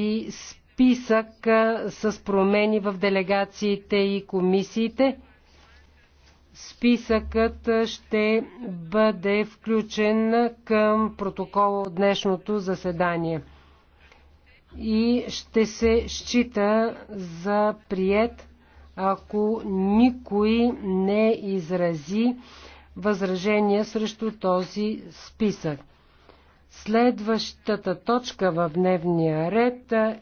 и списък с промени в делегациите и комисиите. Списъкът ще бъде включен към протокол от днешното заседание и ще се счита за прият, ако никой не изрази възражения срещу този списък. Следващата точка в дневния ред